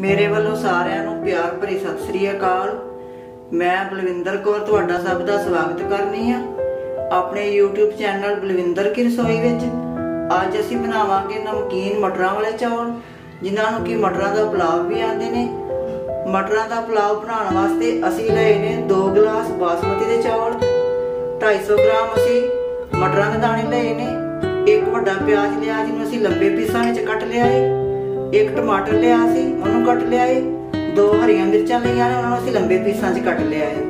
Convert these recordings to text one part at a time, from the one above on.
ਮੇਰੇ ਵੱਲੋਂ ਸਾਰਿਆਂ ਨੂੰ ਪਿਆਰ ਭਰੀ ਸਤਿ ਸ੍ਰੀ ਅਕਾਲ ਮੈਂ ਬਲਵਿੰਦਰ ਕੌਰ ਤੁਹਾਡਾ ਸਭ ਦਾ ਸਵਾਗਤ ਕਰਨੀ ਆ ਆਪਣੇ YouTube ਚੈਨਲ ਬਲਵਿੰਦਰ ਕੀ ਰਸੋਈ ਵਿੱਚ ਅੱਜ ਅਸੀਂ ਬਣਾਵਾਂਗੇ ਨਮਕੀਨ ਮਟਰਾਂ ਵਾਲੇ ਚੌਲ ਜਿਨ੍ਹਾਂ ਨੂੰ ਕਿ ਮਟਰਾਂ ਦਾ ਪਲਾਵ ਵੀ ਆਂਦੇ ਨੇ ਮਟਰਾਂ ਦਾ ਪਲਾਵ ਬਣਾਉਣ ਵਾਸਤੇ ਅਸੀਂ ਲਏ ਨੇ 2 ਗਲਾਸ ਬਾਸਮਤੀ ਦੇ ਚੌਲ 250 ਗ੍ਰਾਮ ਅਸੀਂ ਮਟਰਾਂ ਦੇ ਦਾਣੇ ਲਏ ਨੇ ਇੱਕ ਵੱਡਾ ਪਿਆਜ਼ ਲਿਆ ਜਿਹਨੂੰ ਅਸੀਂ ਲੰਬੇ ਪੀਸਾਂ ਵਿੱਚ ਕੱਟ ਲਿਆ ਏ ਇੱਕ ਟਮਾਟਰ ਲਿਆ ਸੀ ਉਹਨੂੰ ਕੱਟ ਲਿਆ ਏ ਦੋ ਹਰੀਆਂ ਮਿਰਚਾਂ ਲਈਆਂ ਨੇ ਉਹਨਾਂ ਨੂੰ ਅਸੀਂ ਲੰਬੇ ਪੀਸਾਂ 'ਚ ਕੱਟ ਲਿਆ ਏ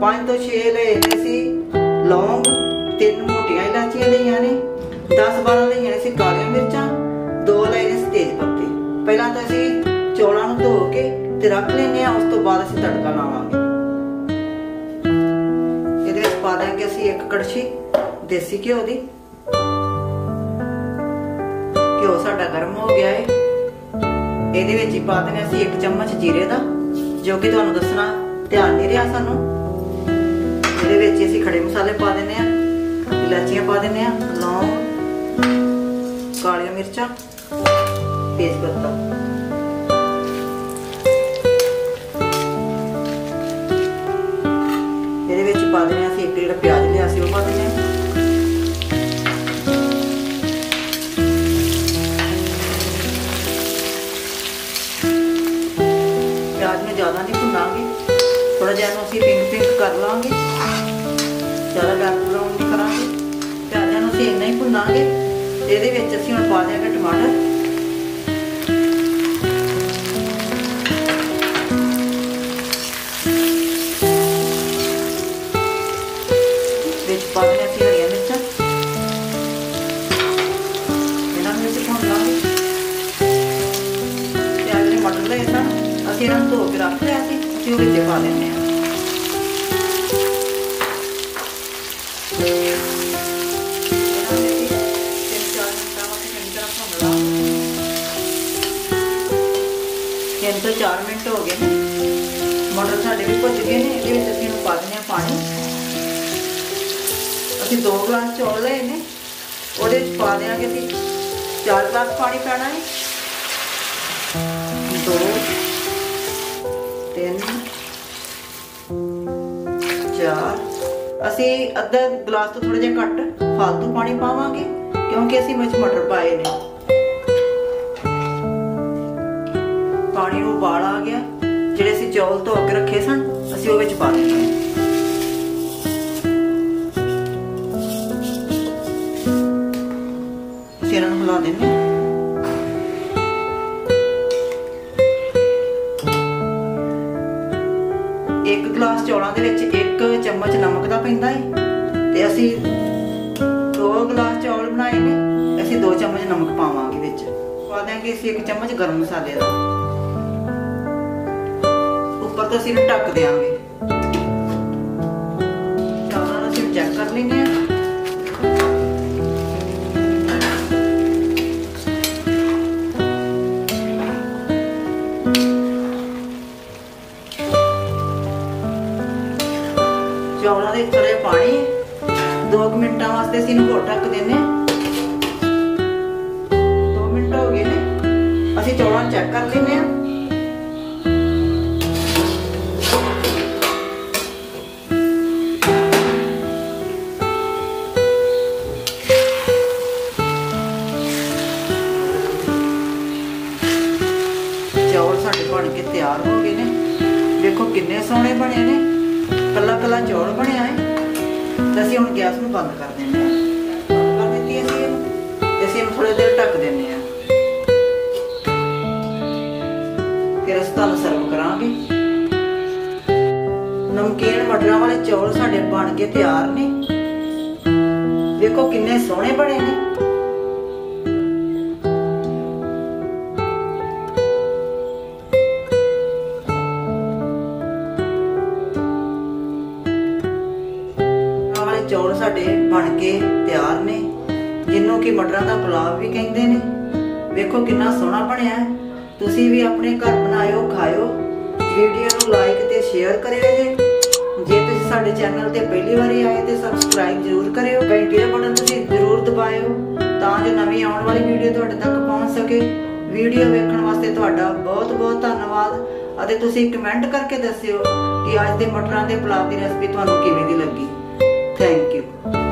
ਪੰਜ ਤੋਂ ਛੇ ਲਏ ਨੇ ਸੀ ਲੌਂਗ ਤਿੰਨ ਮੋਟੀਆਂ ਇਲਾਚੀਆਂ ਲਈਆਂ ਨੇ 10-12 ਲਈਆਂ ਸੀ ਕਾਲੀਆਂ ਮਿਰਚਾਂ ਦੋ ਲਏ ਨੇ ਤੇਜ ਪੱਤੇ ਪਹਿਲਾਂ ਤਾਂ ਅਸੀਂ ਚੌਲਾਂ ਨੂੰ ਧੋ ਕੇ ਤੇ ਰੱਖ ਲੈਨੇ ਆ ਉਸ ਤੋਂ ਬਾਅਦ ਅਸੀਂ ਤੜਕਾ ਲਾਵਾਂਗੇ ਇਹਦੇ ਵਿੱਚ ਪਾ ਦਾਂਗੇ ਅਸੀਂ ਇੱਕ ਕੜਛੀ ਦੇਸੀ ਘਿਓ ਦੀ ਘਿਓ ਸਾਡਾ ਗਰਮ ਹੋ ਗਿਆ ਹੈ ਇਹਦੇ ਵਿੱਚ ਹੀ ਪਾ ਦੇਣਾ ਅਸੀਂ 1 ਚਮਚ ਜੀਰੇ ਦਾ ਜੋ ਕਿ ਤੁਹਾਨੂੰ ਦੱਸਣਾ ਧਿਆਨ ਨਹੀਂ ਰਿਹਾ ਸਾਨੂੰ ਇਹਦੇ ਵਿੱਚ ਅਸੀਂ ਖੜੇ ਮਸਾਲੇ ਪਾ ਦਿੰਨੇ ਆ ਇਲਾਚੀਆਂ ਪਾ ਦਿੰਨੇ ਆ ਲੌਂਗ ਕਾਲੀਆਂ ਮਿਰਚਾਂ ਤੇਜ ਪੱਤਾ ਜ਼ਿਆਦਾ ਨਹੀਂ ਭੁੰਨਾਂਗੇ ਥੋੜਾ ਜਿਹਾ ਇਹਨੂੰ ਅਸੀਂ ਪਿੰਕ ਪਿੰਕ ਕਰ ਲਾਂਗੇ ਜ਼ਿਆਦਾ ਡਾਰਕ ਬਰਾਊਨ ਨਹੀਂ ਕਰਾਂਗੇ ਪਿਆਜ਼ਾਂ ਨੂੰ ਅਸੀਂ ਇੰਨਾ ਹੀ ਭੁੰਨਾਂਗੇ ਇਹਦੇ ਵਿੱਚ ਅਸੀਂ ਹੁਣ ਪਾ ਦੇਵਾਂਗੇ ਟਮਾਟਰ सिर धो के रख लिया घ्यू पा लें तीन तो चार मिनट हो गए मटर साढ़े भी भुज गए हैं ये अं पा दें पानी अभी दो गलास चौल लाए ने और पा देंगे चार गलास पानी पैना है दो ਤਿੰਨ ਚਾਰ ਅਸੀਂ ਅੱਧਾ ਗਲਾਸ ਤੋਂ ਥੋੜਾ ਜਿਹਾ ਘੱਟ ਫालतू ਪਾਣੀ ਪਾਵਾਂਗੇ ਕਿਉਂਕਿ ਅਸੀਂ ਵਿੱਚ ਮਟਰ ਪਾਏ ਨੇ ਪਾਣੀ ਨੂੰ ਬਾਲ ਆ ਗਿਆ ਜਿਹੜੇ ਅਸੀਂ ਚੌਲ ਤੋਂ ਅੱਗੇ ਰੱਖੇ ਸਨ ਅਸੀਂ ਉਹ ਵਿੱਚ ਪਾ ਦਿੱਤੇ ਇਹਨਾਂ ਨੂੰ ਹਿਲਾ ਦੇਣਾ ਇੱਕ ਗਲਾਸ ਚੌਲਾਂ ਦੇ ਵਿੱਚ ਇੱਕ ਚਮਚ ਨਮਕ ਦਾ ਪੈਂਦਾ ਹੈ ਤੇ ਅਸੀਂ ਦੋ ਗਲਾਸ ਚੌਲ ਬਣਾਏ ਨੇ ਅਸੀਂ ਦੋ ਚਮਚ ਨਮਕ ਪਾਵਾਂਗੇ ਵਿੱਚ ਪਾ ਦਾਂਗੇ ਅਸੀਂ ਇੱਕ ਚਮਚ ਗਰਮ ਮਸਾਲੇ ਦਾ ਉੱਪਰ ਤੋਂ ਅਸੀਂ ਢੱਕ ਦੇਵਾਂਗੇ ਚੌਲਾਂ ਨੂੰ ਅਸੀਂ ਚੈੱਕ ਕਰ ਲੈਂਦੇ ਹਾਂ ਚੌਲਾਂ ਦੇ ਥੋੜੇ ਪਾਣੀ 2 ਮਿੰਟਾਂ ਵਾਸਤੇ ਅਸੀਂ ਇਹਨੂੰ ਹੋਰ ਢੱਕ ਦਿੰਨੇ 2 ਮਿੰਟ ਹੋ ਗਏ ਨੇ ਅਸੀਂ ਚੌਲਾਂ ਚੈੱਕ ਕਰ ਲੈਨੇ ਆ ਚੌਲ ਸਾਡੇ ਬਣ ਕੇ ਤਿਆਰ ਹੋ ਗਏ ਨੇ ਦੇਖੋ ਕਿੰਨੇ ਸੋਹਣੇ ਬਣੇ ਨੇ ਪੱਲਾ ਪੱਲਾ ਚੌਲ ਬਣਿਆ ਹੈ ਤੇ ਅਸੀਂ ਹੁਣ ਗੈਸ ਨੂੰ ਬੰਦ ਕਰ ਦਿੰਦੇ ਹਾਂ ਬੰਦ ਕਰ ਦਿੱਤੀ ਅਸੀਂ ਤੇ ਅਸੀਂ ਇਹਨੂੰ ਥੋੜੇ ਦੇਰ ਢੱਕ ਦਿੰਦੇ ਹਾਂ ਫਿਰ ਅਸੀਂ ਤੁਹਾਨੂੰ ਸਰਵ ਕਰਾਂਗੇ ਨਮਕੀਨ ਮਟਰਾਂ ਵਾਲੇ ਚੌਲ ਸਾਡੇ ਬਣ ਕੇ ਤਿਆਰ ਨੇ ਦੇਖੋ ਕਿੰਨੇ ਸੋਹਣੇ ਬਣੇ ਨੇ ਸਾਡੇ ਬਣ ਕੇ ਤਿਆਰ ਨੇ ਜਿੰਨੂੰ ਕਿ ਮਟਰਾਂ ਦਾ ਪੁਲਾਵ ਵੀ ਕਹਿੰਦੇ ਨੇ ਵੇਖੋ ਕਿੰਨਾ ਸੋਹਣਾ ਬਣਿਆ ਤੁਸੀਂ ਵੀ ਆਪਣੇ ਘਰ ਬਣਾਇਓ ਖਾਇਓ ਵੀਡੀਓ ਨੂੰ ਲਾਈਕ ਤੇ ਸ਼ੇਅਰ ਕਰਿਓ ਜੇ ਜੇ ਤੁਸੀਂ ਸਾਡੇ ਚੈਨਲ ਤੇ ਪਹਿਲੀ ਵਾਰੀ ਆਏ ਤੇ ਸਬਸਕ੍ਰਾਈਬ ਜ਼ਰੂਰ ਕਰਿਓ ਘੰਟੀ ਦਾ ਬਟਨ ਤੁਸੀਂ ਜ਼ਰੂਰ ਦਬਾਇਓ ਤਾਂ ਜੋ ਨਵੀਂ ਆਉਣ ਵਾਲੀ ਵੀਡੀਓ ਤੁਹਾਡੇ ਤੱਕ ਪਹੁੰਚ ਸਕੇ ਵੀਡੀਓ ਵੇਖਣ ਵਾਸਤੇ ਤੁਹਾਡਾ ਬਹੁਤ-ਬਹੁਤ ਧੰਨਵਾਦ ਅਤੇ ਤੁਸੀਂ ਕਮੈਂਟ ਕਰਕੇ ਦੱਸਿਓ ਕਿ ਅੱਜ ਦੇ ਮਟਰਾਂ ਦੇ ਪੁਲਾਵ ਦੀ ਰੈਸਪੀ ਤੁਹਾਨੂੰ ਕਿਵੇਂ ਦੀ ਲੱਗੀ Thank you.